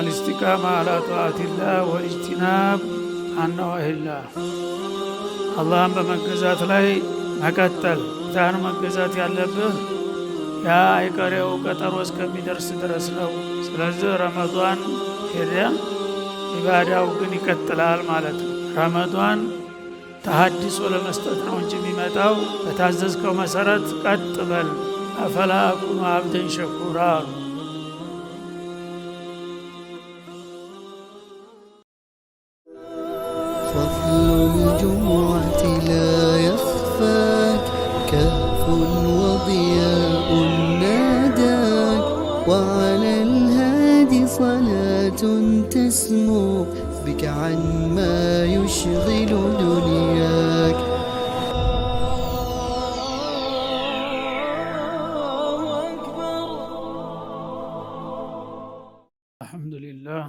አልስቲቃማ አላ ጧአቲላ ወእጅቲናብ አነዋሂላ አላህን በመገዛት ላይ መቀጠል ታን መገዛት ያለብህ ያ አይቀሬው ቀጠሮ እስከሚደርስ ድረስ ነው። ስለዚህ ረመዷን ሄደ፣ ኢባዳው ግን ይቀጥላል ማለት ነው። ረመዷን ተሀድሶ ለመስጠት ነው እንጂ የሚመጣው በታዘዝከው መሰረት ቀጥ በል። አፈላ አኩኑ አብደን ሸኩራ الجمعة لا يخفاك كهف وضياء ناداك وعلى الهادي صلاة تسمو بك عن ما يشغل دنياك الله أكبر الحمد لله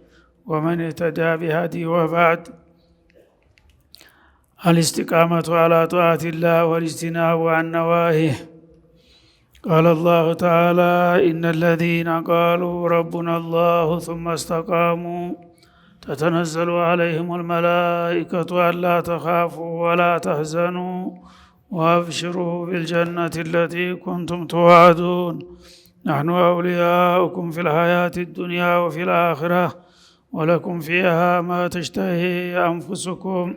ومن اهتدى بهدي وبعد الاستقامة على طاعة الله والاجتناب عن نواهيه قال الله تعالى إن الذين قالوا ربنا الله ثم استقاموا تتنزل عليهم الملائكة ألا تخافوا ولا تحزنوا وأبشروا بالجنة التي كنتم توعدون نحن أولياؤكم في الحياة الدنيا وفي الآخرة ولكم فيها ما تشتهي أنفسكم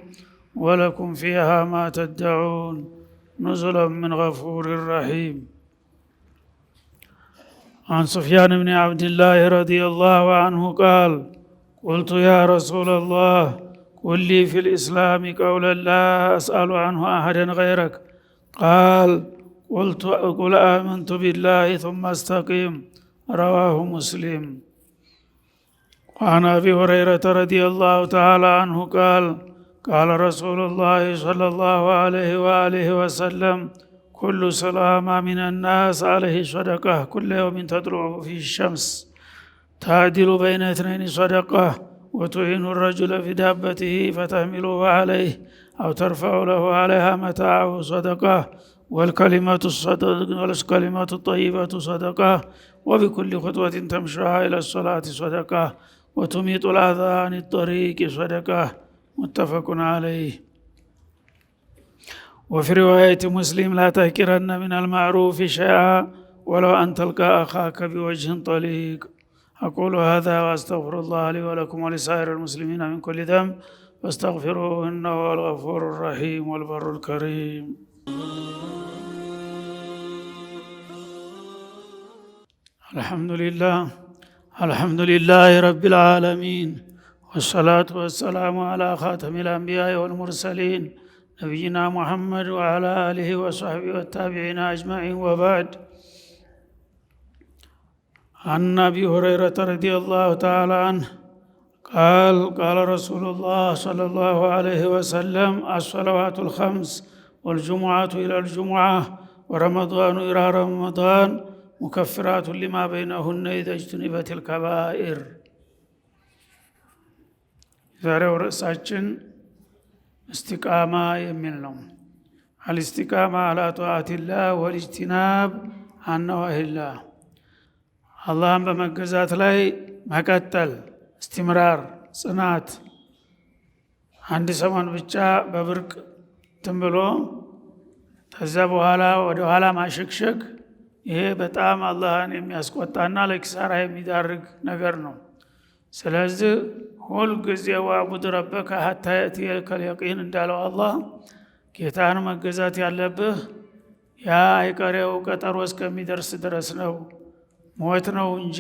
ولكم فيها ما تدعون نزلا من غفور رحيم عن سفيان بن عبد الله رضي الله عنه قال قلت يا رسول الله قل لي في الإسلام قولا لا أسأل عنه أحدا غيرك قال قلت قل آمنت بالله ثم استقيم رواه مسلم وعن ابي هريره رضي الله تعالى عنه قال قال رسول الله صلى الله عليه واله وسلم كل سلام من الناس عليه صدقه كل يوم تطلع فيه الشمس تعدل بين اثنين صدقه وتعين الرجل في دابته فتحمله عليه او ترفع له عليها متاعه صدقه والكلمة الصدق والكلمات الطيبة صدقة وبكل خطوة تمشيها إلى الصلاة صدقة وتميط الأذى عن الطريق صدقة متفق عليه وفي رواية مسلم لا تهكرن من المعروف شيئا ولو أن تلقى أخاك بوجه طليق أقول هذا وأستغفر الله لي ولكم ولسائر المسلمين من كل ذنب فاستغفروه إنه هو الغفور الرحيم والبر الكريم الحمد لله الحمد لله رب العالمين والصلاة والسلام على خاتم الأنبياء والمرسلين نبينا محمد وعلى آله وصحبه والتابعين أجمعين وبعد عن أبي هريرة رضي الله تعالى عنه قال قال رسول الله صلى الله عليه وسلم الصلوات الخمس والجمعة إلى الجمعة ورمضان إلى رمضان ሙከፍራቱን ሊማ በይነሁነ በትል ልከባኢር። ዛሬው ርዕሳችን እስቲቃማ የሚል ነው። አልስቲቃማ አላ ጧዓቲላህ ወልጅቲናብ አነዋሂላህ፣ አላህን በመገዛት ላይ መቀጠል፣ እስቲምራር ጽናት አንድ ሰሞን ብቻ በብርቅ ብሎ ከዛ በኋላ ወደኋላ ማሸግሸግ ይሄ በጣም አላህን የሚያስቆጣና ለኪሳራ የሚዳርግ ነገር ነው። ስለዚህ ሁል ጊዜ ረበከ ሀታ የእትየከል የቂን እንዳለው አላህ ጌታን መገዛት ያለብህ ያ አይቀሬው ቀጠሮ እስከሚደርስ ድረስ ነው። ሞት ነው እንጂ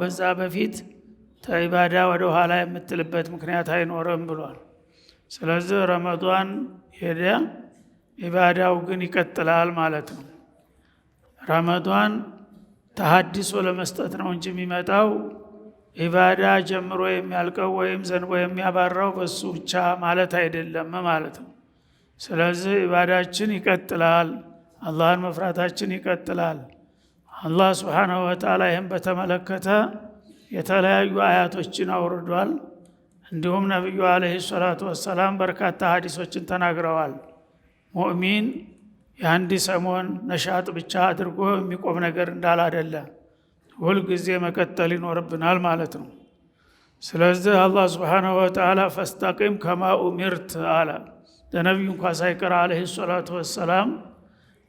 በዛ በፊት ተኢባዳ ወደ ኋላ የምትልበት ምክንያት አይኖርም ብሏል። ስለዚህ ረመዷን ሄደ ኢባዳው ግን ይቀጥላል ማለት ነው። ረመዷን ተሀዲሶ ለመስጠት ነው እንጂ የሚመጣው ኢባዳ ጀምሮ የሚያልቀው ወይም ዘንቦ የሚያባራው በሱ ብቻ ማለት አይደለም ማለት ነው። ስለዚህ ኢባዳችን ይቀጥላል፣ አላህን መፍራታችን ይቀጥላል። አላህ ስብሓነሁ ወተዓላ ይህም በተመለከተ የተለያዩ አያቶችን አውርዷል። እንዲሁም ነቢዩ ዓለይሂ ሰላቱ ወሰላም በርካታ ሀዲሶችን ተናግረዋል። ሙእሚን የአንድ ሰሞን ነሻጥ ብቻ አድርጎ የሚቆም ነገር እንዳላደለ ሁልጊዜ መቀጠል ይኖርብናል ማለት ነው። ስለዚህ አላህ ስብሓነሁ ወተዓላ ፈስተቂም ከማ ኡሚርት አለ። ለነቢዩ እንኳ ሳይቀር አለህ ሰላቱ ወሰላም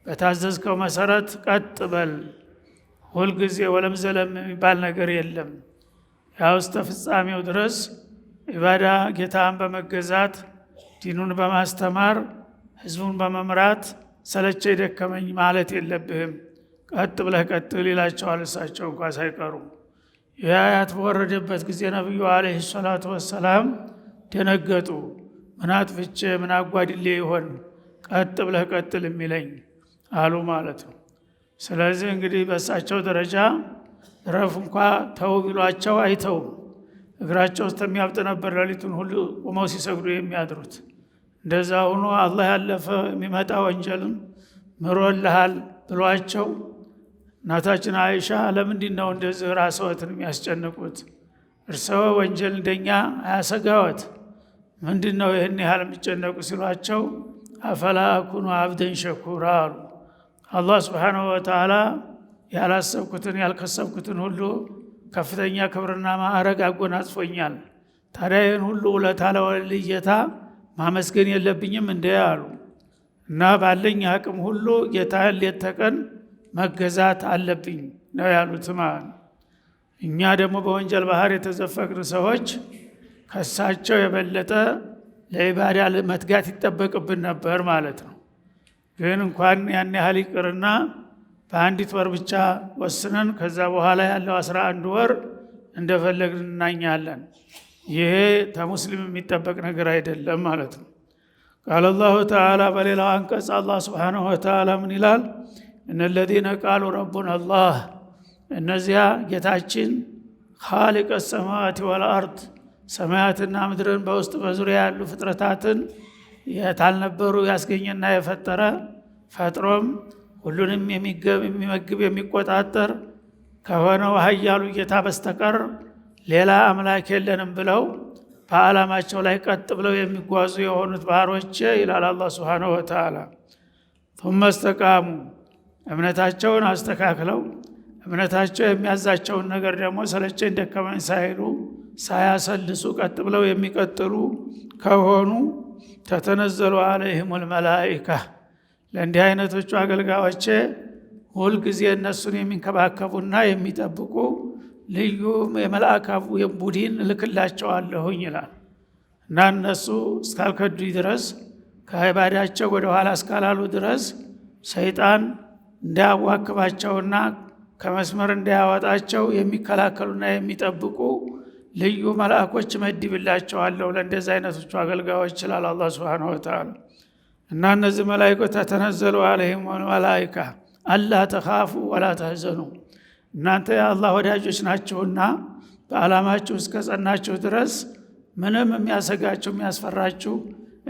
በታዘዝከው መሰረት ቀጥ በል ሁልጊዜ ወለም ዘለም የሚባል ነገር የለም። ያው እስተ ፍጻሜው ድረስ ኢባዳ ጌታን በመገዛት ዲኑን በማስተማር ህዝቡን በመምራት ሰለቸ ደከመኝ ማለት የለብህም ቀጥ ብለህ ቀጥል ይላቸዋል። እሳቸው እንኳ ሳይቀሩ ይህ አያት በወረደበት ጊዜ ነቢዩ አለህ ሰላቱ ወሰላም ደነገጡ። ምን አጥፍቼ ምን አጓድሌ ይሆን ቀጥ ብለህ ቀጥል የሚለኝ አሉ ማለት ነው። ስለዚህ እንግዲህ በእሳቸው ደረጃ ረፍ እንኳ ተው ቢሏቸው አይተውም። እግራቸው ውስጥ የሚያብጥ ነበር ሌሊቱን ሁሉ ቁመው ሲሰግዱ የሚያድሩት እንደዛ ሁኖ አላህ ያለፈ የሚመጣ ወንጀልም ምሮልሃል ብሏቸው እናታችን አይሻ ለምንድን ነው እንደዚህ ራስዎትን የሚያስጨንቁት? እርሰ ወንጀል እንደኛ አያሰጋወት ምንድን ነው ይህን ያህል የሚጨነቁ ሲሏቸው አፈላ አኩኑ አብደን ሸኩራ አሉ። አላህ ስብሓነሁ ወተዓላ ያላሰብኩትን ያልከሰብኩትን ሁሉ ከፍተኛ ክብርና ማዕረግ አጎናጽፎኛል። ታዲያ ይህን ሁሉ ውለታ ማመስገን የለብኝም እንደ አሉ እና ባለኝ አቅም ሁሉ ጌታህን ሌት ተቀን መገዛት አለብኝ ነው ያሉት። እኛ ደግሞ በወንጀል ባህር የተዘፈቅን ሰዎች ከሳቸው የበለጠ ለኢባዳ መትጋት ይጠበቅብን ነበር ማለት ነው። ግን እንኳን ያን ያህል ይቅርና በአንዲት ወር ብቻ ወስነን ከዛ በኋላ ያለው አስራ አንድ ወር እንደፈለግን እናኛለን። ይሄ ተሙስሊም የሚጠበቅ ነገር አይደለም ማለት ነው። ቃል አላሁ ተዓላ በሌላው አንቀጽ አላህ ስብሓንሁ ወተዓላ ምን ይላል? እነ ቃሉ ረቡና አላህ እነዚያ ጌታችን ኻሊቀ ሰማዋት ወልአርድ ሰማያትና ምድርን በውስጥ በዙሪያ ያሉ ፍጥረታትን የታልነበሩ ያስገኘና የፈጠረ ፈጥሮም ሁሉንም የሚገብ የሚመግብ የሚቆጣጠር ከሆነው ኃያሉ ጌታ በስተቀር ሌላ አምላክ የለንም ብለው በዓላማቸው ላይ ቀጥ ብለው የሚጓዙ የሆኑት ባህሮች ይላል አላህ ሱብሓነሁ ወተዓላ። ቱመ እስተቃሙ እምነታቸውን አስተካክለው እምነታቸው የሚያዛቸውን ነገር ደግሞ ሰለቸኝ ደከመኝ ሳይሉ ሳያሰልሱ ቀጥ ብለው የሚቀጥሉ ከሆኑ ተተነዘሉ አለይሂሙል መላኢካ ለእንዲህ አይነቶቹ አገልጋዮቼ ሁልጊዜ እነሱን የሚንከባከቡና የሚጠብቁ ልዩ የመልአክ ቡድን እልክላቸዋለሁኝ ይላል እና እነሱ እስካልከዱኝ ድረስ ከኢባዳቸው ወደ ኋላ እስካላሉ ድረስ ሰይጣን እንዳያዋክባቸውና ከመስመር እንዳያወጣቸው የሚከላከሉና የሚጠብቁ ልዩ መልአኮች መድብላቸዋለሁ ለእንደዚህ አይነቶቹ አገልጋዮች ይችላል አላ ስብን ወተላ እና እነዚህ መላይኮች ተተነዘሉ አለህም መላይካ አላ ተካፉ ወላ ተህዘኑ እናንተ የአላህ ወዳጆች ናችሁና በዓላማችሁ እስከ ጸናችሁ ድረስ ምንም የሚያሰጋችሁ የሚያስፈራችሁ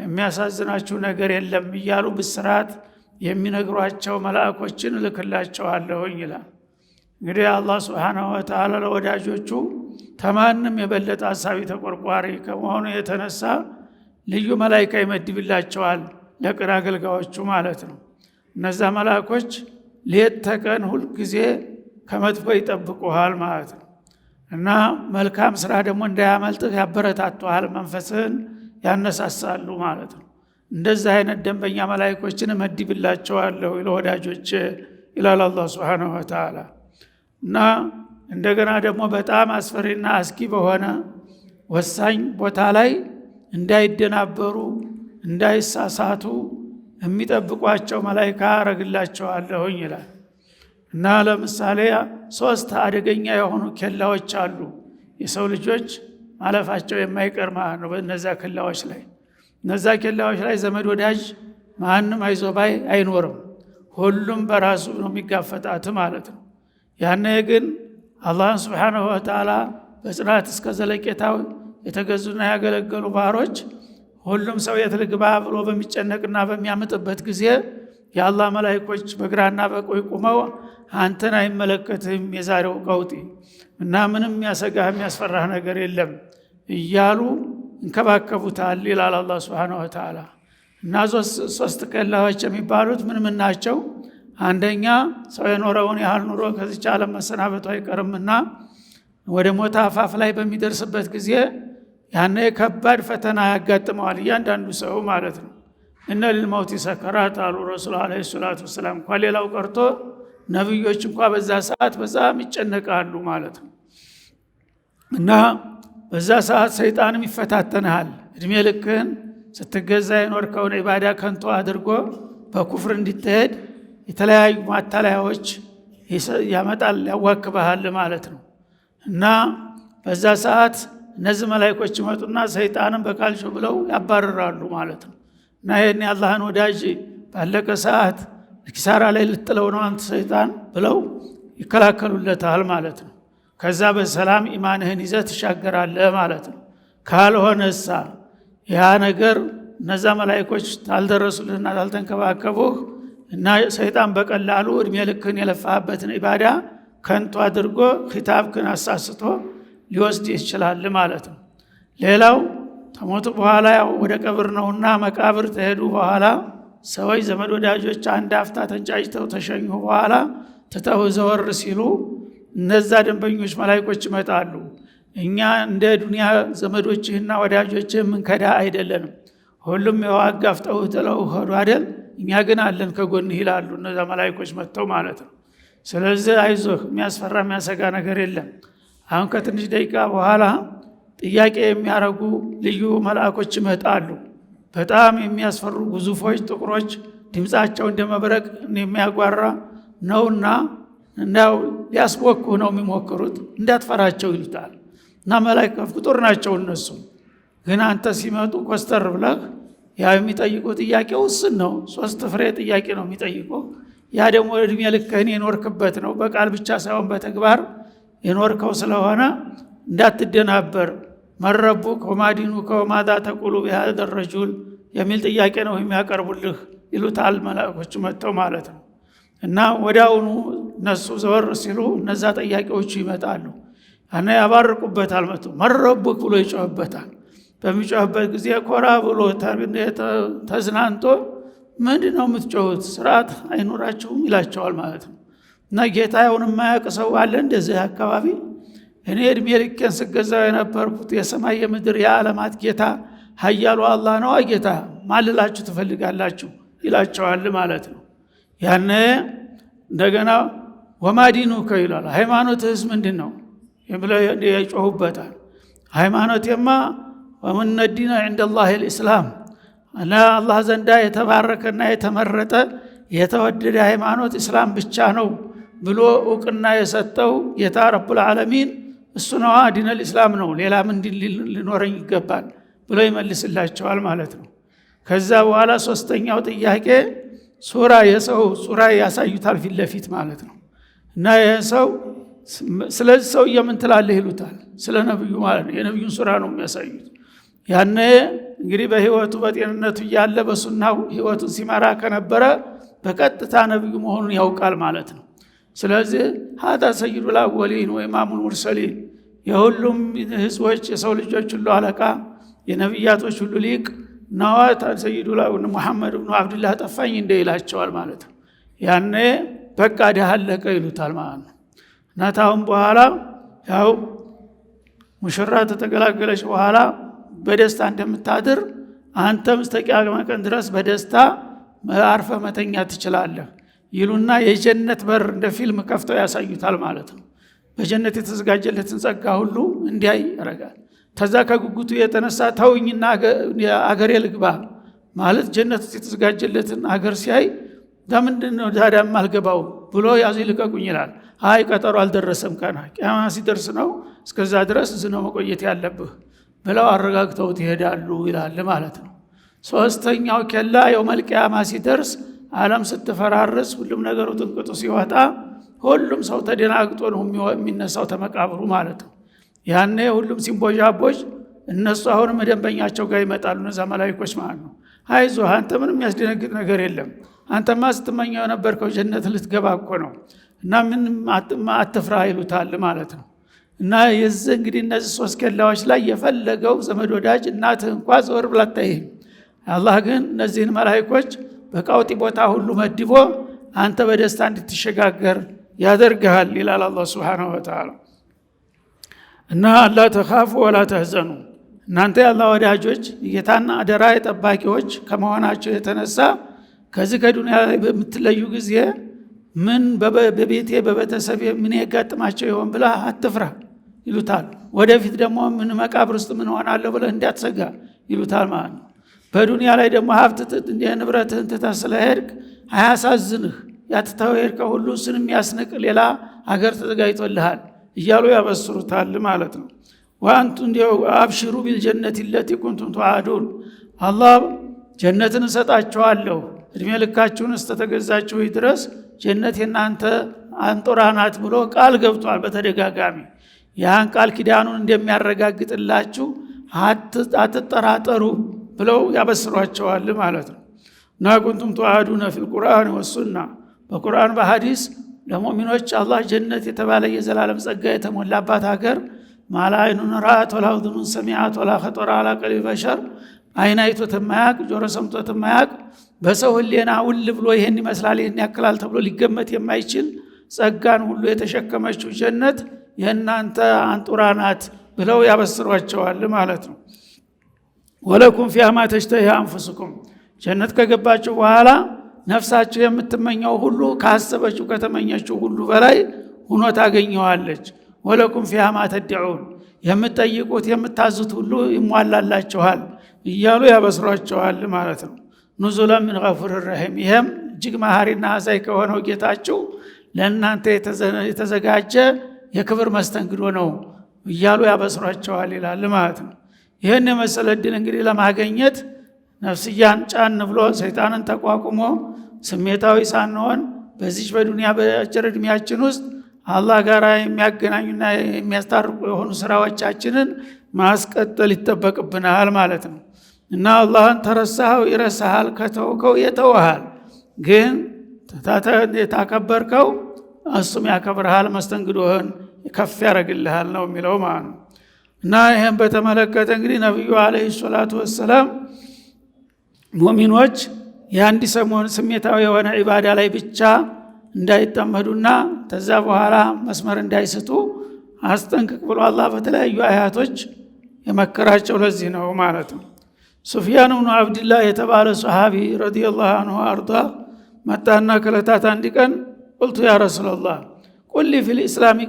የሚያሳዝናችሁ ነገር የለም እያሉ ብስራት የሚነግሯቸው መላእኮችን እልክላቸዋለሁኝ ይላል። እንግዲህ አላህ ሱብሓነሁ ወተዓላ ለወዳጆቹ ተማንም የበለጠ አሳቢ ተቆርቋሪ ከመሆኑ የተነሳ ልዩ መላይካ ይመድብላቸዋል፣ ለቅን አገልጋዮቹ ማለት ነው። እነዛ መላእኮች ሌት ተቀን ሁልጊዜ ከመጥፎ ይጠብቁሃል ማለት ነው። እና መልካም ስራ ደግሞ እንዳያመልጥህ ያበረታቷሃል፣ መንፈስህን ያነሳሳሉ ማለት ነው። እንደዚህ አይነት ደንበኛ መላይኮችን እመድብላቸዋለሁ ወዳጆች ይላል አላ ስብን ወተላ እና እንደገና ደግሞ በጣም አስፈሪና አስኪ በሆነ ወሳኝ ቦታ ላይ እንዳይደናበሩ እንዳይሳሳቱ የሚጠብቋቸው መላይካ አረግላቸዋለሁኝ ይላል። እና ለምሳሌ ሶስት አደገኛ የሆኑ ኬላዎች አሉ። የሰው ልጆች ማለፋቸው የማይቀር ማለት ነው። በነዛ ኬላዎች ላይ እነዛ ኬላዎች ላይ ዘመድ ወዳጅ ማንም አይዞባይ አይኖርም። ሁሉም በራሱ ነው የሚጋፈጣት ማለት ነው። ያነ ግን አላህን ስብሓነሁ ወተዓላ በጽናት እስከ ዘለቄታው የተገዙና ያገለገሉ ባህሮች ሁሉም ሰው የትልግባ ልግባ ብሎ በሚጨነቅና በሚያምጥበት ጊዜ የአላህ መላይኮች በግራና በቆይ ቁመው አንተን አይመለከትህም የዛሬው ቀውጢ እና ምንም የሚያሰጋህ የሚያስፈራህ ነገር የለም እያሉ እንከባከቡታል ይላል አላ ስብን ወተዓላ። እና ሶስት ቀላዎች የሚባሉት ምንም ናቸው? አንደኛ ሰው የኖረውን ያህል ኑሮ ከዚች ዓለም መሰናበቱ አይቀርምና ወደ ሞታ አፋፍ ላይ በሚደርስበት ጊዜ ያነ ከባድ ፈተና ያጋጥመዋል እያንዳንዱ ሰው ማለት ነው። እነ ልልመውቲ ሰከራት አሉ ረሱል አለ ሰላቱ ወሰላም እንኳ ሌላው ቀርቶ ነቢዮች እንኳ በዛ ሰዓት በዛም ይጨነቃሉ ማለት ነው እና በዛ ሰዓት ሰይጣንም ይፈታተንሃል። እድሜ ልክህን ስትገዛ የኖርከውን ኢባዳ ከንቶ አድርጎ በኩፍር እንዲትሄድ የተለያዩ ማታለያዎች ያመጣል፣ ያዋክበሃል ማለት ነው እና በዛ ሰዓት እነዚህ መላይኮች ይመጡና ሰይጣንን በካልሾ ብለው ያባርራሉ ማለት ነው። እና ይህን የአላህን ወዳጅ ባለቀ ሰዓት ኪሳራ ላይ ልጥለው ነው አንተ ሰይጣን ብለው ይከላከሉለታል ማለት ነው። ከዛ በሰላም ኢማንህን ይዘ ትሻገራለህ ማለት ነው። ካልሆነሳ ያ ነገር እነዛ መላይኮች ታልደረሱልህና ታልተንከባከቡህ እና ሰይጣን በቀላሉ እድሜ ልክህን የለፋህበትን ኢባዳ ከንቱ አድርጎ ኪታብክን አሳስቶ ሊወስድ ይችላል ማለት ነው። ሌላው ከሞቱ በኋላ ያው ወደ ቀብር ነውና መቃብር ተሄዱ በኋላ ሰዎች ዘመድ ወዳጆች አንድ አፍታ ተንጫጭተው ተሸኙ በኋላ ትተው ዘወር ሲሉ እነዛ ደንበኞች መላይኮች ይመጣሉ። እኛ እንደ ዱንያ ዘመዶችህና ወዳጆችህ ምንከዳ አይደለንም። ሁሉም የዋጋ አፍጠው ጥለው ሄዱ አደል፣ እኛ ግን አለን ከጎን ይላሉ እነዛ መላይኮች መጥተው ማለት ነው። ስለዚህ አይዞህ፣ የሚያስፈራ የሚያሰጋ ነገር የለም። አሁን ከትንሽ ደቂቃ በኋላ ጥያቄ የሚያረጉ ልዩ መልአኮች ይመጣሉ። በጣም የሚያስፈሩ ግዙፎች፣ ጥቁሮች ድምፃቸው እንደ መብረቅ የሚያጓራ ነውና እንዳው ሊያስቦኩ ነው የሚሞክሩት። እንዳትፈራቸው ይሉታል። እና መላይከ ፍጡር ናቸው እነሱ። ግን አንተ ሲመጡ ኮስተር ብለህ ያ የሚጠይቁ ጥያቄ ውስን ነው። ሶስት ፍሬ ጥያቄ ነው የሚጠይቁ። ያ ደግሞ እድሜ ልክህን የኖርክበት ነው። በቃል ብቻ ሳይሆን በተግባር የኖርከው ስለሆነ እንዳትደናበር መረቡ ከማዲኑ ከማዳ ተቁሉ ቢሃደ ረጁል የሚል ጥያቄ ነው የሚያቀርቡልህ ይሉታል መላእኮች መጥተው ማለት ነው። እና ወዲያውኑ እነሱ ዘወር ሲሉ እነዛ ጥያቄዎቹ ይመጣሉ እና ያባርቁበታል። መቶ መረቡክ ብሎ ይጮህበታል። በሚጮህበት ጊዜ ኮራ ብሎ ተዝናንቶ ምንድን ነው የምትጮሁት? ስርዓት አይኖራችሁም ይላቸዋል ማለት ነው። እና ጌታ ያውን የማያውቅ ሰው አለ እንደዚህ አካባቢ እኔ እድሜ ልኬን ስገዛው የነበርኩት የሰማይ የምድር የዓለማት ጌታ ሀያሉ አላ ነዋ ጌታ ማልላችሁ ትፈልጋላችሁ ይላቸዋል ማለት ነው። ያነ እንደገና ወማዲኑ ይሏል። ሃይማኖትህስ ምንድን ነው ብለው ይጮሁበታል። ሃይማኖቴማ ወምነዲነ ዐንደላሂ ልእስላም እና አላህ ዘንዳ የተባረከና የተመረጠ የተወደደ ሃይማኖት እስላም ብቻ ነው ብሎ እውቅና የሰጠው ጌታ ረቡል ዓለሚን እሱ ነዋ ዲነል ኢስላም ነው ሌላ ምን ሊኖረኝ ይገባል ብሎ ይመልስላቸዋል ማለት ነው። ከዛ በኋላ ሶስተኛው ጥያቄ ሱራ የሰው ሱራ ያሳዩታል ፊት ለፊት ማለት ነው። እና ይህ ሰው ስለዚህ ሰው ትላለህ ይሉታል ስለ ነብዩ ማለት ነው። የነብዩን ሱራ ነው የሚያሳዩት። ያነ እንግዲህ በህይወቱ በጤንነቱ እያለ በሱናው ህይወቱን ሲመራ ከነበረ በቀጥታ ነብዩ መሆኑን ያውቃል ማለት ነው። ስለዚህ ሀታ ሰይዱል አወሊን ወይ ኢማሙል ሙርሰሊን የሁሉም ህዝቦች የሰው ልጆች ሁሉ አለቃ የነቢያቶች ሁሉ ሊቅ ነዋት ሰይዱላ ሙሐመድ ብኑ አብድላህ ጠፋኝ እንደ ይላቸዋል ማለት ነው። ያኔ በቃ ደሃ አለቀ ይሉታል ማለት ነው። እና በኋላ ያው ሙሽራ ተተገላገለች በኋላ በደስታ እንደምታድር አንተም ስተቂያማ ቀን ድረስ በደስታ አርፈ መተኛ ትችላለህ። ይሉና የጀነት በር እንደ ፊልም ከፍተው ያሳዩታል ማለት ነው። በጀነት የተዘጋጀለትን ጸጋ ሁሉ እንዲያይ ያረጋል። ከዛ ከጉጉቱ የተነሳ ተውኝና አገሬ ልግባ ማለት ጀነት የተዘጋጀለትን አገር ሲያይ ለምንድን ነው ታዲያም አልገባው ብሎ ያዙ ይልቀቁኝ ይላል። አይ ቀጠሮ አልደረሰም፣ ቀና ቅያማ ሲደርስ ነው እስከዛ ድረስ ዝነው መቆየት ያለብህ ብለው አረጋግተውት ይሄዳሉ ይላል ማለት ነው። ሶስተኛው ኬላ የውመል ቅያማ ሲደርስ ዓለም ስትፈራርስ ሁሉም ነገሩ ጥንቅጡ ሲወጣ ሁሉም ሰው ተደናግጦ ነው የሚነሳው ተመቃብሩ ማለት ነው። ያኔ ሁሉም ሲንቦዣቦች እነሱ አሁንም ደንበኛቸው ጋር ይመጣሉ፣ እነዛ መላይኮች ማለት ነው። አይዞ አንተ ምንም የሚያስደነግጥ ነገር የለም፣ አንተማ ስትመኘው የነበርከው ጀነት ልትገባ እኮ ነው እና ምንም አትፍራ ይሉታል ማለት ነው። እና የዚህ እንግዲህ እነዚህ ሶስት ኬላዎች ላይ የፈለገው ዘመድ ወዳጅ እናትህ እንኳ ዘወር ብላ አላህ ግን እነዚህን መላይኮች በቀውጢ ቦታ ሁሉ መድቦ አንተ በደስታ እንድትሸጋገር ያደርግሃል ይላል አላ ስብን ወተዓላ። እና አላ ተካፉ ወላ ተህዘኑ እናንተ ያላ ወዳጆች የጌታና አደራ ጠባቂዎች ከመሆናቸው የተነሳ ከዚህ ከዱንያ ላይ በምትለዩ ጊዜ ምን በቤቴ በቤተሰቤ ምን የጋጥማቸው ይሆን ብላ አትፍራ ይሉታል። ወደፊት ደግሞ ምን መቃብር ውስጥ ምን ሆናለሁ ብለ እንዳትሰጋ ይሉታል ማለት ነው። በዱንያ ላይ ደግሞ ሀብት ንብረትህን ትተህ ስለሄድክ አያሳዝንህ። ያትተው ሄድከ ሁሉ ስን የሚያስንቅ ሌላ ሀገር ተዘጋጅቶልሃል እያሉ ያበስሩታል ማለት ነው። ወአንቱ እንዲው አብሽሩ ቢልጀነት ለቲ ኩንቱም ተዋዱን አላህ ጀነትን እሰጣችኋለሁ እድሜ ልካችሁን እስተተገዛችሁ ድረስ ጀነት የናንተ አንጦራ ናት ብሎ ቃል ገብቷል። በተደጋጋሚ ያን ቃል ኪዳኑን እንደሚያረጋግጥላችሁ አትጠራጠሩ። ብለው ያበስሯቸዋል ማለት ነው እና ኩንቱም ተዋህዱነ ፊል ቁርአን ወሱና በቁርአን በሀዲስ ለሙእሚኖች አላህ ጀነት የተባለ የዘላለም ጸጋ የተሞላባት ሀገር ማላ አይኑን ራአት ወላ ውዝኑን ሰሚዓት ወላ ኸጠረ አላ ቀልቢ በሸር አይን አይቶት የማያቅ ጆሮ ሰምቶት የማያቅ በሰው ህሌና ውል ብሎ ይህን ይመስላል ይህን ያክላል ተብሎ ሊገመት የማይችል ጸጋን ሁሉ የተሸከመችው ጀነት የእናንተ አንጡራ ናት ብለው ያበስሯቸዋል ማለት ነው። ወለኩም ፊሃ ማ ተሽተሂ አንፉስኩም ጀነት ከገባችሁ በኋላ ነፍሳችሁ የምትመኘው ሁሉ ካሰበችው ከተመኘችው ሁሉ በላይ ሁኖ ታገኘዋለች። ወለኩም ፊሃ ማ ተድዑን የምትጠይቁት የምታዙት ሁሉ ይሟላላችኋል እያሉ ያበስሯቸዋል ማለት ነው። ኑዙላን ሚን ገፉር ረሒም ይህም እጅግ መሐሪና አዛኝ ከሆነው ጌታችሁ ለእናንተ የተዘጋጀ የክብር መስተንግዶ ነው እያሉ ያበስሯቸዋል ይላል ማለት ነው። ይህን የመሰለ እድል እንግዲህ ለማገኘት ነፍስያን ጫን ብሎ ሰይጣንን ተቋቁሞ ስሜታዊ ሳንሆን በዚች በዱኒያ በአጭር እድሜያችን ውስጥ አላህ ጋር የሚያገናኙና የሚያስታርቁ የሆኑ ስራዎቻችንን ማስቀጠል ይጠበቅብናል ማለት ነው እና አላህን ተረሳኸው ይረሳሃል፣ ከተውከው የተውሃል። ግን የታከበርከው እሱም ያከብርሃል፣ መስተንግዶህን ከፍ ያደረግልሃል ነው የሚለው ማለት ነው። እና ይህም በተመለከተ እንግዲህ ነቢዩ አለይሂ ሰላቱ ወሰላም ሙሚኖች የአንድ ሰሞን ስሜታዊ የሆነ ዒባዳ ላይ ብቻ እንዳይጠመዱና ከዛ በኋላ መስመር እንዳይስቱ አስጠንቅቅ ብሎ አላ በተለያዩ አያቶች የመከራቸው ለዚህ ነው ማለት ነው። ሱፊያን ብኑ አብድላህ የተባለ ሰሃቢ ረዲየላሁ አንሁ አርዳ መጣና ከለታት አንድ ቀን ቁልቱ ያ ረሱለላህ ቁሊ ፊል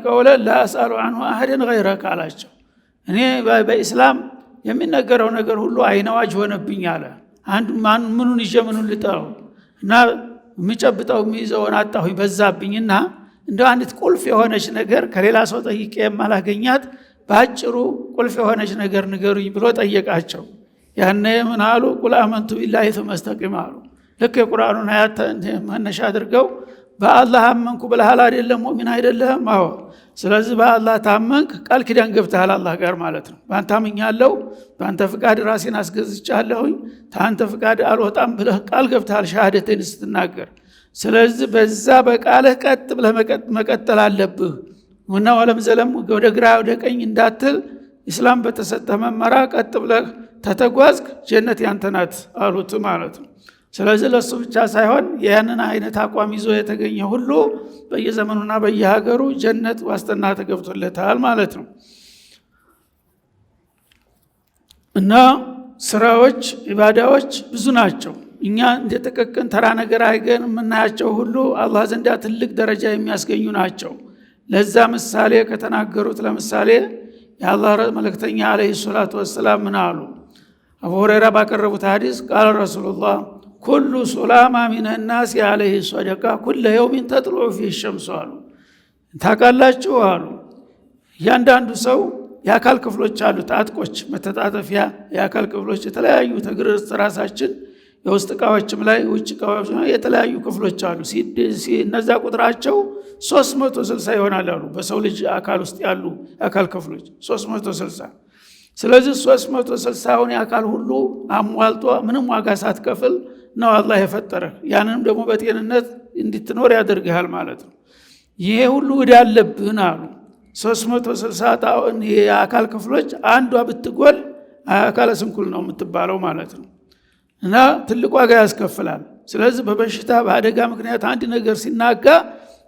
ቀውለን ላአስአሉ አንሁ አህደን ገይረክ አላቸው እኔ በኢስላም የሚነገረው ነገር ሁሉ አይነዋጅ ሆነብኝ አለ። ምኑን ይዤ ምኑን ልጠው እና የሚጨብጠው የሚይዘውን አጣሁኝ በዛብኝና እንደ አንዲት ቁልፍ የሆነች ነገር ከሌላ ሰው ጠይቄ የማላገኛት በአጭሩ ቁልፍ የሆነች ነገር ንገሩኝ ብሎ ጠየቃቸው። ያነ ምን አሉ? ቁል አመንቱ ቢላሂ ሱመስተቂም አሉ። ልክ የቁርአኑን አያት መነሻ አድርገው በአላህ አመንኩ ብለሃል አይደለም ሙእሚን አይደለህም? አዎ ስለዚህ በአላህ ታመንክ፣ ቃል ኪዳን ገብተሃል አላህ ጋር ማለት ነው። በአንተ አምኛለሁ፣ በአንተ ፍቃድ ራሴን አስገዝቻለሁኝ፣ ታንተ ፍቃድ አልወጣም ብለህ ቃል ገብተሃል ሻሃደትን ስትናገር። ስለዚህ በዛ በቃልህ ቀጥ ብለህ መቀጠል አለብህ እና ወለም ዘለም ወደ ግራ ወደ ቀኝ እንዳትል ኢስላም በተሰጠ መመራ ቀጥ ብለህ ተተጓዝክ ጀነት ያንተናት አሉት ማለት ነው። ስለዚህ ለእሱ ብቻ ሳይሆን ያንን አይነት አቋም ይዞ የተገኘ ሁሉ በየዘመኑና በየሀገሩ ጀነት ዋስትና ተገብቶለታል ማለት ነው እና ስራዎች፣ ኢባዳዎች ብዙ ናቸው። እኛ እንደ ጥቅቅን ተራ ነገር አይገን የምናያቸው ሁሉ አላህ ዘንዳ ትልቅ ደረጃ የሚያስገኙ ናቸው። ለዛ ምሳሌ ከተናገሩት ለምሳሌ የአላህ መልእክተኛ አለይሂ ሰላቱ ወሰላም ምን አሉ? አቡ ሁረይራ ባቀረቡት ሀዲስ ቃለ ረሱሉላህ ኩሉ ሱላማ ሚነናስ አለህ ሰደቃ ኩለ የውሚን ተጥልዑ ፊህ ሸምሱ አሉ። ታውቃላችሁ አሉ እያንዳንዱ ሰው የአካል ክፍሎች አሉት። አጥቆች፣ መተጣጠፊያ የአካል ክፍሎች የተለያዩ ተግርስ ራሳችን የውስጥ እቃዎችም ላይ ውጭ እቃዎች የተለያዩ ክፍሎች አሉ። እነዛ ቁጥራቸው 360 ይሆናል አሉ። በሰው ልጅ አካል ውስጥ ያሉ የአካል ክፍሎች 360። ስለዚህ 360ውን የአካል ሁሉ አሟልጦ ምንም ዋጋ ሳትከፍል ነው አላህ የፈጠረ ያንንም ደግሞ በጤንነት እንድትኖር ያደርግሃል ማለት ነው። ይሄ ሁሉ እዳ አለብህን አሉ። 360 የአካል ክፍሎች አንዷ ብትጎል አካለ ስንኩል ነው የምትባለው ማለት ነው። እና ትልቅ ዋጋ ያስከፍላል። ስለዚህ በበሽታ በአደጋ ምክንያት አንድ ነገር ሲናጋ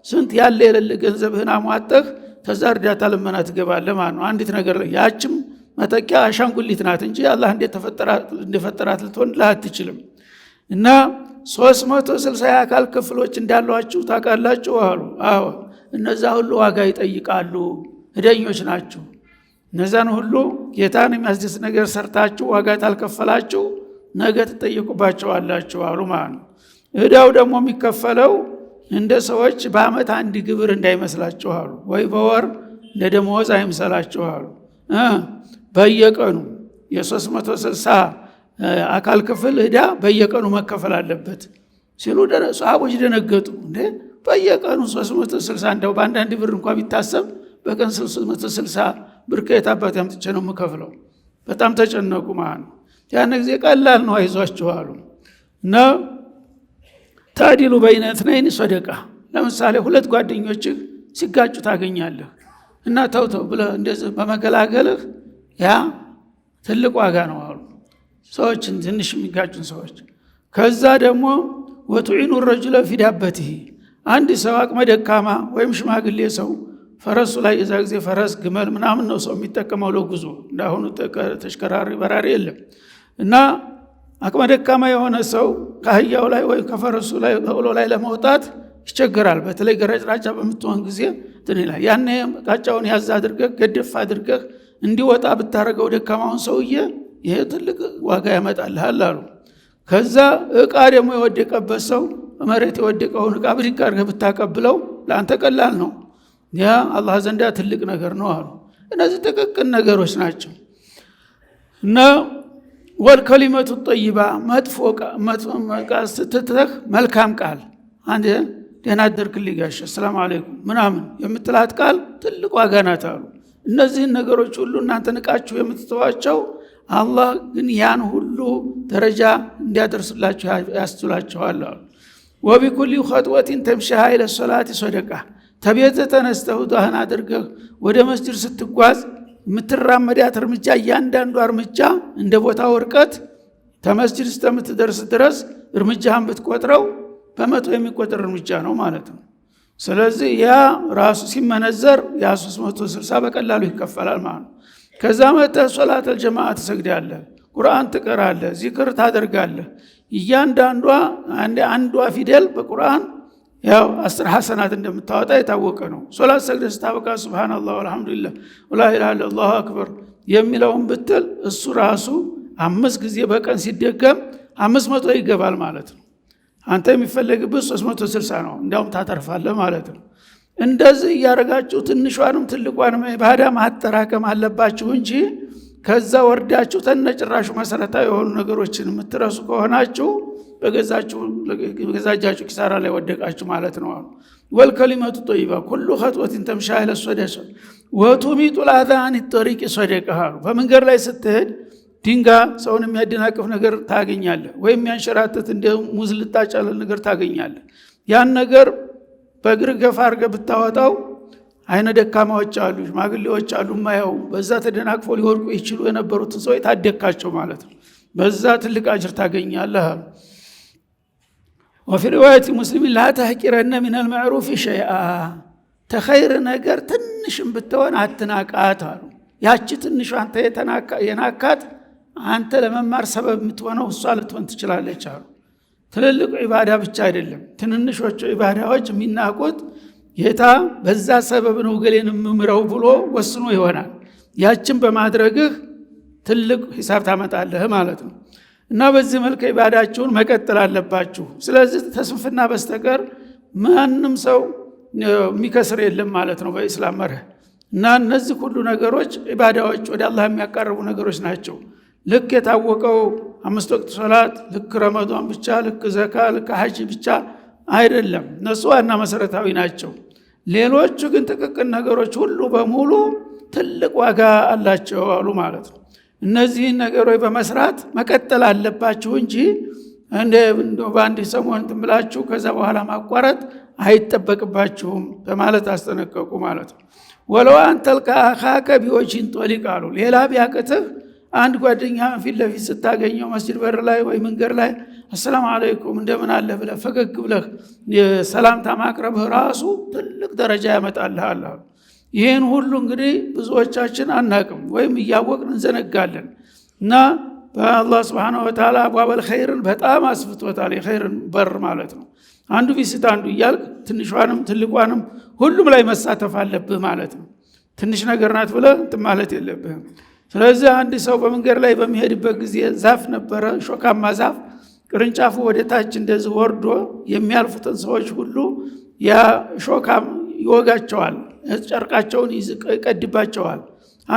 ስንት ያለ የሌለ ገንዘብህን አሟጠህ ከዛ እርዳታ ልመና ትገባለ ማለት ነው። አንዲት ነገር ላይ ያችም መጠቂያ አሻንጉሊት ናት እንጂ አላህ እንደፈጠራት ልትሆን ልትሆንልህ አትችልም። እና 360 መቶ የአካል ክፍሎች እንዳሏችሁ ታውቃላችሁ አሉ። አዎ እነዛ ሁሉ ዋጋ ይጠይቃሉ። እደኞች ናችሁ። እነዛን ሁሉ ጌታን የሚያስደስት ነገር ሰርታችሁ ዋጋ ታልከፈላችሁ ነገ ትጠይቁባቸዋላችሁ አሉ ማለት ነው። እዳው ደግሞ የሚከፈለው እንደ ሰዎች በአመት አንድ ግብር እንዳይመስላችሁ አሉ። ወይ በወር እንደ ደመወዝ አይምሰላችሁ አሉ። በየቀኑ የ360 አካል ክፍል ዕዳ በየቀኑ መከፈል አለበት ሲሉ ሰሃቦች ደነገጡ። እንዴ በየቀኑ 360 እንደው በአንዳንድ ብር እንኳ ቢታሰብ በቀን 360 ብር ከየት አባቴ አምጥቼ ነው የምከፍለው? በጣም ተጨነቁ ማለት ነው። ያን ጊዜ ቀላል ነው አይዟችሁ አሉ እና ታዲሉ በይነ እትነይን ሰደቃ ለምሳሌ ሁለት ጓደኞችህ ሲጋጩ ታገኛለህ እና ተውተው ብለህ እንደዚህ በመገላገልህ ያ ትልቅ ዋጋ ነው ሰዎችን ትንሽ የሚጋጩን ሰዎች ከዛ ደግሞ ወቱዒኑ ረጅለ ፊዳበትህ አንድ ሰው አቅመ ደካማ ወይም ሽማግሌ ሰው ፈረሱ ላይ የዛ ጊዜ ፈረስ፣ ግመል ምናምን ነው ሰው የሚጠቀመው ለጉዞ እንዳሁኑ ተሽከራሪ በራሪ የለም እና አቅመ ደካማ የሆነ ሰው ከአህያው ላይ ወይም ከፈረሱ ላይ ከእሎ ላይ ለመውጣት ይቸገራል። በተለይ ገረጭራጫ በምትሆን ጊዜ ትን ይላል። ያኔ ቃጫውን ያዝ አድርገህ ገደፍ አድርገህ እንዲወጣ ብታደረገው ደካማውን ሰውዬ ይሄ ትልቅ ዋጋ ያመጣልሃል አሉ። ከዛ እቃ ደግሞ የወደቀበት ሰው መሬት የወደቀውን እቃ ብድግ አድርገህ ብታቀብለው ለአንተ ቀላል ነው፣ ያ አላህ ዘንዳ ትልቅ ነገር ነው አሉ። እነዚህ ጥቅቅን ነገሮች ናቸው እና ወልከሊመቱ ጠይባ መጥፎ ቃል መልካም ቃል አንድ ደህና አደርክልኝ ጋሼ አለይኩም ምናምን የምትላት ቃል ትልቅ ዋጋ ናት አሉ። እነዚህን ነገሮች ሁሉ እናንተ ንቃችሁ የምትተዋቸው አላህ ግን ያን ሁሉ ደረጃ እንዲያደርስላቸው ያስችላቸዋል አሉ ወቢኩሊ ኸጥወቲን ተምሻሃ ኢለ ሶላት ሶደቃ ተቤት ተነስተህ ዱዓህን አድርገህ ወደ መስጅድ ስትጓዝ የምትራመዳት እርምጃ እያንዳንዱ እርምጃ እንደ ቦታው ርቀት ተመስጅድ እስከምትደርስ ድረስ እርምጃህን ብትቆጥረው በመቶ የሚቆጥር እርምጃ ነው ማለት ነው ስለዚህ ያ ራሱ ሲመነዘር ያ 360 በቀላሉ ይከፈላል ማለት ነው ከዛ መጠ ሶላት ጀማዓ ትሰግዳለህ፣ ቁርአን ትቀራለህ፣ ዚክር ታደርጋለህ። እያንዳንዷ አንዷ ፊደል በቁርአን ያው አስር ሐሰናት እንደምታወጣ የታወቀ ነው። ሶላት ሰግደህ ስታበቃ ሱብሃነላህ አልሐምዱሊላህ ወላኢላሃ ኢለላሁ አክበር የሚለውን ብትል እሱ ራሱ አምስት ጊዜ በቀን ሲደገም አምስት መቶ ይገባል ማለት ነው። አንተ የሚፈለግብህ ሶስት መቶ ስልሳ ነው። እንዲያውም ታተርፋለህ ማለት ነው። እንደዚህ እያደረጋችሁ ትንሿንም ትልቋንም ባዳ ማጠራቀም አለባችሁ እንጂ ከዛ ወርዳችሁ ተነጭራሹ መሰረታዊ የሆኑ ነገሮችን የምትረሱ ከሆናችሁ በገዛጃችሁ ኪሳራ ላይ ወደቃችሁ ማለት ነው አሉ። ወልከሊመቱ ጠይባ ኩሉ ኸጥወትን ተምሻ ኢለ ሶደቀ ወቱሚጡ ልአዛ ጠሪቅ ሶደቀ አሉ። በመንገድ ላይ ስትሄድ ድንጋ ሰውን የሚያደናቅፍ ነገር ታገኛለህ፣ ወይም የሚያንሸራትት እንደ ሙዝ ልጣጭ ነገር ታገኛለህ። ያን ነገር በእግር ገፋ አርገ ብታወጣው አይነ ደካማዎች አሉ፣ ሽማግሌዎች አሉ፣ ማየው በዛ ተደናቅፎ ሊወድቁ ይችሉ የነበሩትን ሰው የታደካቸው ማለት ነው። በዛ ትልቅ አጅር ታገኛለህ። ወፊ ሪዋየት ሙስሊም ላ ተህቂረነ ሚነል መዕሩፍ ሸይአ ተኸይር ነገር ትንሽም ብትሆን አትናቃት አሉ። ያቺ ትንሹ አንተ የናካት አንተ ለመማር ሰበብ የምትሆነው እሷ ልትሆን ትችላለች አሉ። ትልልቁ ኢባዳ ብቻ አይደለም። ትንንሾቹ ኢባዳዎች የሚናቁት ጌታ በዛ ሰበብ ነው ገሌን የምምረው ብሎ ወስኖ ይሆናል። ያችን በማድረግህ ትልቅ ሂሳብ ታመጣለህ ማለት ነው። እና በዚህ መልክ ኢባዳችሁን መቀጠል አለባችሁ። ስለዚህ ተስንፍና በስተቀር ማንም ሰው የሚከስር የለም ማለት ነው በኢስላም መርህ እና እነዚህ ሁሉ ነገሮች ኢባዳዎች ወደ አላህ የሚያቃርቡ ነገሮች ናቸው። ልክ የታወቀው አምስት ወቅት ሶላት፣ ልክ ረመዷን ብቻ፣ ልክ ዘካ፣ ልክ ሀጅ ብቻ አይደለም። እነሱ ዋና መሰረታዊ ናቸው። ሌሎቹ ግን ጥቅቅን ነገሮች ሁሉ በሙሉ ትልቅ ዋጋ አላቸው አሉ ማለት ነው። እነዚህን ነገሮች በመስራት መቀጠል አለባችሁ እንጂ እንደ በአንድ ሰሞን ትንብላችሁ ከዛ በኋላ ማቋረጥ አይጠበቅባችሁም በማለት አስጠነቀቁ ማለት ነው። ወለዋን ተልቃ አኻከ ቢወጅን ጦሊቅ አሉ ሌላ ቢያቅትህ አንድ ጓደኛ ፊት ለፊት ስታገኘው መስጅድ በር ላይ ወይ መንገድ ላይ አሰላም አለይኩም እንደምን አለ ብለህ ፈገግ ብለህ ሰላምታ ማቅረብህ ራሱ ትልቅ ደረጃ ያመጣልሃል። ይህን ሁሉ እንግዲህ ብዙዎቻችን አናቅም ወይም እያወቅን እንዘነጋለን እና በአላህ ስብሓነ ወተዓላ አቧበል ኸይርን በጣም አስፍቶታል። የኸይርን በር ማለት ነው። አንዱ ቢስት አንዱ እያልክ ትንሿንም ትልቋንም ሁሉም ላይ መሳተፍ አለብህ ማለት ነው። ትንሽ ነገር ናት ብለህ እንትን ማለት የለብህም። ስለዚህ አንድ ሰው በመንገድ ላይ በሚሄድበት ጊዜ ዛፍ ነበረ፣ ሾካማ ዛፍ ቅርንጫፉ ወደ ታች እንደዚህ ወርዶ የሚያልፉትን ሰዎች ሁሉ ያ ሾካም ይወጋቸዋል፣ ጨርቃቸውን ይቀድባቸዋል።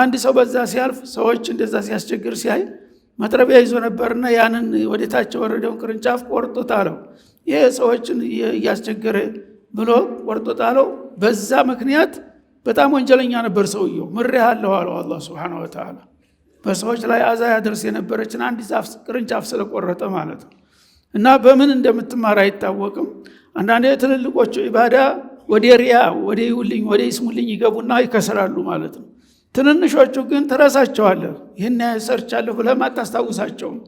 አንድ ሰው በዛ ሲያልፍ ሰዎች እንደዛ ሲያስቸግር ሲያይ መጥረቢያ ይዞ ነበርና ያንን ወደ ታች የወረደውን ቅርንጫፍ ቆርጦ ጣለው። ይህ ሰዎችን እያስቸገረ ብሎ ቆርጦ ጣለው። በዛ ምክንያት በጣም ወንጀለኛ ነበር ሰውየው። ምሬሃለሁ አለው አላህ ሱብሓነሁ ወተዓላ በሰዎች ላይ አዛ ያደርስ የነበረችን አንድ ዛፍ ቅርንጫፍ ስለቆረጠ ማለት ነው። እና በምን እንደምትማር አይታወቅም። አንዳንዴ የትልልቆቹ ኢባዳ ወደ ሪያ ወደ ይውልኝ ወደ ይስሙልኝ ይገቡና ይከስራሉ ማለት ነው። ትንንሾቹ ግን ትረሳቸዋለህ። ይህን ሰርቻለሁ ብለህም አታስታውሳቸውም።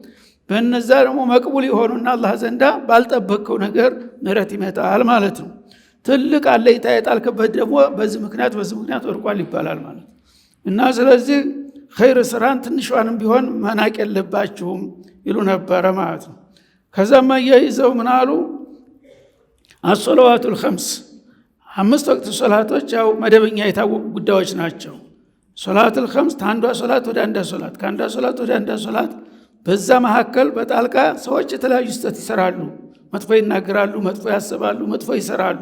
በእነዛ ደግሞ መቅቡል የሆኑና አላህ ዘንዳ ባልጠበቅከው ነገር ምሕረት ይመጣል ማለት ነው። ትልቅ አለኝታ የጣልክበት ደግሞ በዚህ ምክንያት በዚህ ምክንያት ወድቋል ይባላል ማለት እና ስለዚህ ኸይር ስራን ትንሿንም ቢሆን መናቅ የለባችሁም ይሉ ነበረ ማለት ነው። ከዛም አያይዘው ምን አሉ? አሶለዋቱል ኸምስ አምስት ወቅት ሶላቶች ያው መደበኛ የታወቁ ጉዳዮች ናቸው። ሶላቱል ኸምስ ከአንዷ ሶላት ወደ አንዷ ሶላት፣ ከአንዷ ሶላት ወደ አንዷ ሶላት። በዛ መካከል በጣልቃ ሰዎች የተለያዩ ስህተት ይሰራሉ። መጥፎ ይናገራሉ፣ መጥፎ ያስባሉ፣ መጥፎ ይሰራሉ።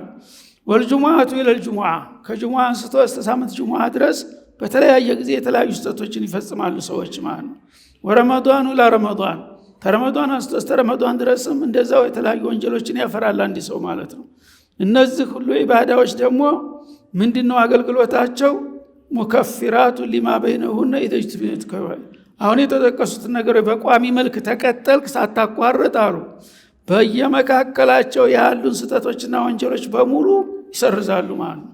ወልጅሙዓቱ ኢለልጅሙዓ ከጅሙዓ አንስቶ እስተ ሳምንት ጅሙዓ ድረስ በተለያየ ጊዜ የተለያዩ ስህተቶችን ይፈጽማሉ ሰዎች ማለት ነው። ወረመዷኑ ለረመዷን ከረመዷን አንስቶ እስተ ረመዷን ድረስም እንደዛው የተለያዩ ወንጀሎችን ያፈራል አንድ ሰው ማለት ነው። እነዚህ ሁሉ ኢባዳዎች ደግሞ ምንድን ነው አገልግሎታቸው? ሙከፊራቱ ሊማ በይነሁነ ኢተጅትቢነት አሁን የተጠቀሱትን ነገሮች በቋሚ መልክ ተቀጠልክ ሳታቋርጥ አሉ በየመካከላቸው ያሉን ስህተቶችና ወንጀሎች በሙሉ ይሰርዛሉ ማለት ነው።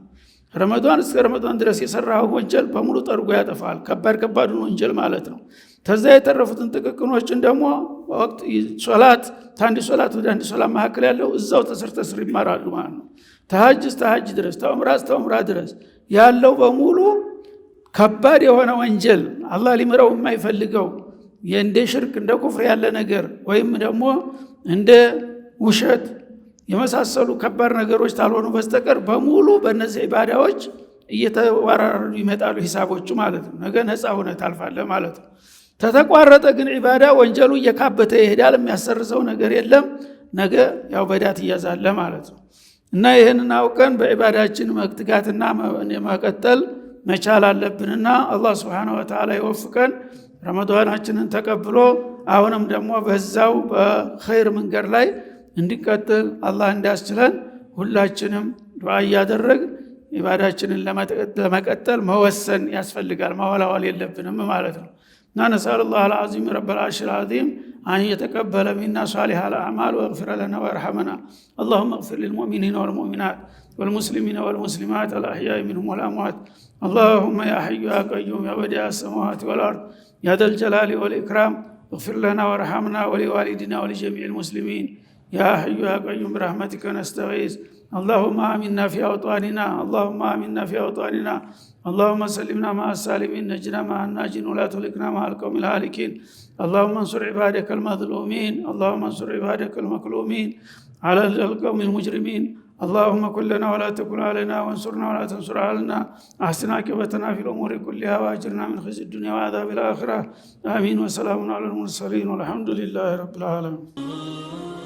ረመዷን እስከ ረመዷን ድረስ የሰራው ወንጀል በሙሉ ጠርጎ ያጠፋል። ከባድ ከባዱን ወንጀል ማለት ነው። ተዛ የተረፉትን ጥቅቅኖችን ደግሞ ወቅት ሶላት ታንዲ ሶላት ወደ አንድ ሶላት መካከል ያለው እዛው ተስር ተስር ይማራሉ ማለት ነው። ተሀጅ ተሀጅ ድረስ ተምራስ ተምራ ድረስ ያለው በሙሉ ከባድ የሆነ ወንጀል አላህ ሊምረው የማይፈልገው እንደ ሽርክ እንደ ኩፍር ያለ ነገር ወይም ደግሞ እንደ ውሸት የመሳሰሉ ከባድ ነገሮች ታልሆኑ በስተቀር በሙሉ በእነዚህ ባዳዎች እየተወራረዱ ይመጣሉ ሂሳቦቹ ማለት ነው። ነገ ነፃ ሆነ ታልፋለ ማለት ነው። ተተቋረጠ ግን ዒባዳ ወንጀሉ እየካበተ ይሄዳል። የሚያሰርሰው ነገር የለም። ነገ ያው በዳት እያዛለ ማለት ነው። እና ይህንን አውቀን በዒባዳችን መትጋትና መቀጠል መቻል አለብንና አላህ ስብሓነሁ ወተዓላ ይወፍቀን። ረመዷናችንን ተቀብሎ አሁንም ደግሞ በዛው በኸይር መንገድ ላይ እንዲቀጥል አላህ እንዳስችለን ሁላችንም ዱዓ እያደረግን ኢባዳችንን ለመቀጠል መወሰን ያስፈልጋል። ማወላዋል የለብንም ማለት ነው እና ነስአሉ ላህ ልዓዚም ረብልአርሽ ልዓዚም አን የተቀበለ ሚና ሳሊሐ ልአዕማል ወእግፍረ ለና ወርሐመና አላሁመ እግፊር ልልሙእሚኒን ወልሙእሚናት والمسلمين والمسلمات الأحياء منهم والأموات اللهم يا حي يا قيوم يا بديع السماوات والأرض يا ذا الجلال والإكرام اغفر لنا وارحمنا ولوالدنا ولجميع المسلمين يا حي يا قيوم برحمتك نستغيث اللهم آمنا في أوطاننا اللهم آمنا في أوطاننا اللهم سلمنا مع السالمين نجنا مع الناجين ولا تهلكنا مع القوم الهالكين اللهم انصر عبادك المظلومين اللهم انصر عبادك المكلومين على القوم المجرمين اللهم كلنا ولا تكن علينا وانصرنا ولا تنصر علينا احسن عاقبتنا في الامور كلها واجرنا من خزي الدنيا وعذاب الاخره امين وسلام على المرسلين والحمد لله رب العالمين